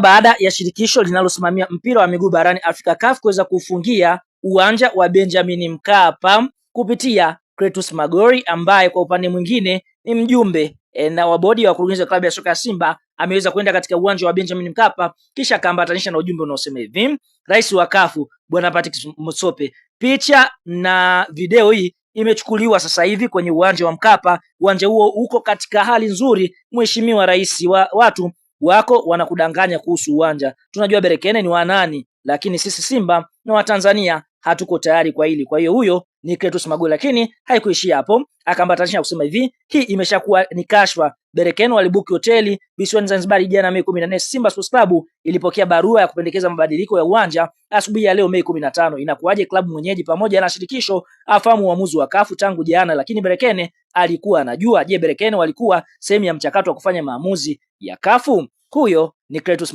baada ya shirikisho linalosimamia mpira wa miguu barani Afrika CAF kuweza kufungia uwanja wa Benjamin Mkapa kupitia Kretus Magori ambaye kwa upande mwingine ni mjumbe e, na wa bodi ya wakurugenzi wa klabu ya soka ya Simba ameweza kwenda katika uwanja wa Benjamin Mkapa kisha akaambatanisha na ujumbe unaosema hivi: Rais wa CAF Bwana Patrick Motsope. Picha na video hii imechukuliwa sasa hivi kwenye uwanja wa Mkapa. Uwanja huo uko katika hali nzuri, Mheshimiwa Rais wa watu wako wanakudanganya kuhusu uwanja. Tunajua Berekene ni wanani, lakini sisi Simba na Watanzania hatuko tayari kwa hili. Kwa hiyo huyo ni Clatous Magoli, lakini haikuishia hapo, akaambatanisha kusema hivi, hii imeshakuwa ni kashfa. Berekeno walibuki hoteli visiwani Zanzibar jana Mei 14. Simba Sports Club ilipokea barua ya kupendekeza mabadiliko ya uwanja asubuhi ya leo Mei 15. Inakuwaje klabu mwenyeji pamoja na shirikisho afahamu uamuzi wa kafu tangu jana, lakini Berekene alikuwa anajua? Je, Berekene walikuwa sehemu ya mchakato wa kufanya maamuzi ya kafu? Huyo ni Clatous